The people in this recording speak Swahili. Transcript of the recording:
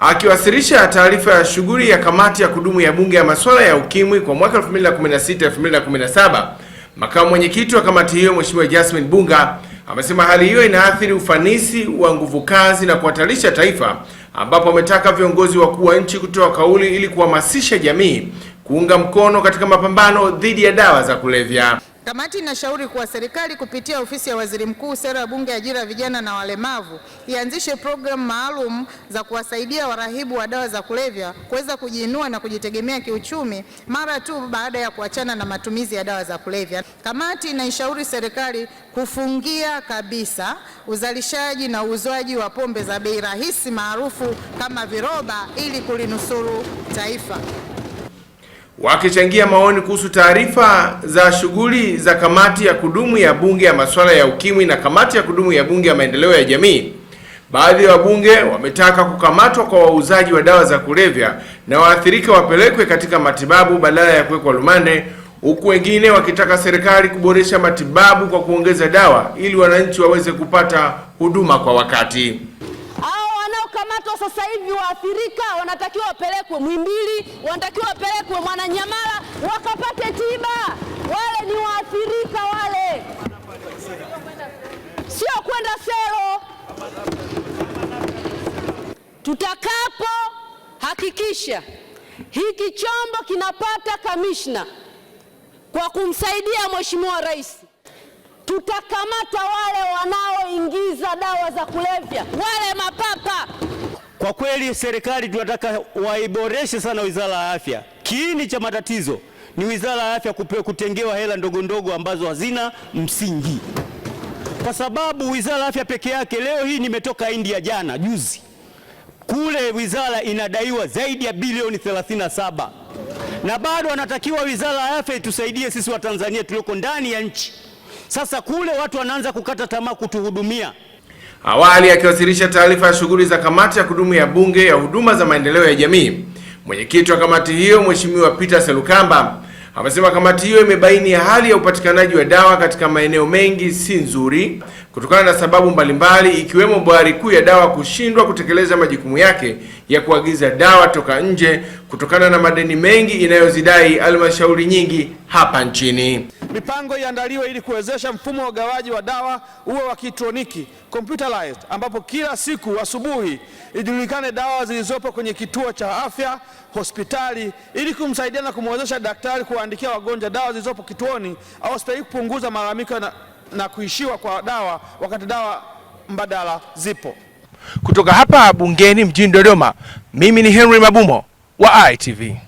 Akiwasilisha taarifa ya shughuli ya kamati ya kudumu ya bunge ya masuala ya ukimwi kwa mwaka 2016 2017, makamu mwenyekiti wa kamati hiyo Mheshimiwa Jasmine Bunga amesema hali hiyo inaathiri ufanisi wa nguvu kazi na kuhatarisha taifa, ambapo ametaka viongozi wakuu wa nchi kutoa kauli ili kuhamasisha jamii kuunga mkono katika mapambano dhidi ya dawa za kulevya. Kamati inashauri kuwa serikali kupitia ofisi ya waziri mkuu, sera ya bunge, ajira ya vijana na walemavu ianzishe programu maalum za kuwasaidia warahibu wa dawa za kulevya kuweza kujiinua na kujitegemea kiuchumi mara tu baada ya kuachana na matumizi ya dawa za kulevya. Kamati inaishauri serikali kufungia kabisa uzalishaji na uuzwaji wa pombe za bei rahisi maarufu kama viroba ili kulinusuru taifa. Wakichangia maoni kuhusu taarifa za shughuli za kamati ya kudumu ya bunge ya masuala ya ukimwi na kamati ya kudumu ya bunge ya maendeleo ya jamii, baadhi ya wabunge wametaka kukamatwa kwa wauzaji wa dawa za kulevya na waathirika wapelekwe katika matibabu badala ya kuwekwa rumande, huku wengine wakitaka serikali kuboresha matibabu kwa kuongeza dawa ili wananchi waweze kupata huduma kwa wakati watoto sasa hivi waathirika wanatakiwa wapelekwe Mwimbili, wanatakiwa wapelekwe Mwananyamala wakapate tiba. Wale ni waathirika wale, sio kwenda selo. Tutakapohakikisha hiki chombo kinapata kamishna kwa kumsaidia Mheshimiwa Rais, tutakamata wale wanaoingiza dawa za kulevya wale mapa kwa kweli serikali tunataka waiboreshe sana wizara ya afya. Kiini cha matatizo ni wizara ya afya kupewa kutengewa hela ndogo ndogo ambazo hazina msingi, kwa sababu wizara ya afya peke yake leo hii, nimetoka India jana juzi, kule wizara inadaiwa zaidi ya bilioni 37 na bado wanatakiwa wizara ya afya itusaidie sisi Watanzania tulioko ndani ya nchi. Sasa kule watu wanaanza kukata tamaa kutuhudumia. Awali akiwasilisha taarifa ya shughuli za kamati ya kudumu ya Bunge ya huduma za maendeleo ya jamii, mwenyekiti wa kamati hiyo Mheshimiwa Peter selukamba amesema kamati hiyo imebaini hali ya upatikanaji wa dawa katika maeneo mengi si nzuri, kutokana na sababu mbalimbali ikiwemo Bohari Kuu ya Dawa kushindwa kutekeleza majukumu yake ya kuagiza dawa toka nje kutokana na madeni mengi inayozidai halmashauri nyingi hapa nchini. Mipango iandaliwe ili kuwezesha mfumo wa ugawaji wa dawa uwe wa kielektroniki computerized, ambapo kila siku asubuhi ijulikane dawa zilizopo kwenye kituo cha afya hospitali, ili kumsaidia na kumwezesha daktari kuwaandikia wagonjwa dawa zilizopo kituoni au hospitali, kupunguza malalamiko na na kuishiwa kwa dawa wakati dawa mbadala zipo. Kutoka hapa bungeni mjini Dodoma, mimi ni Henry Mabumo wa ITV.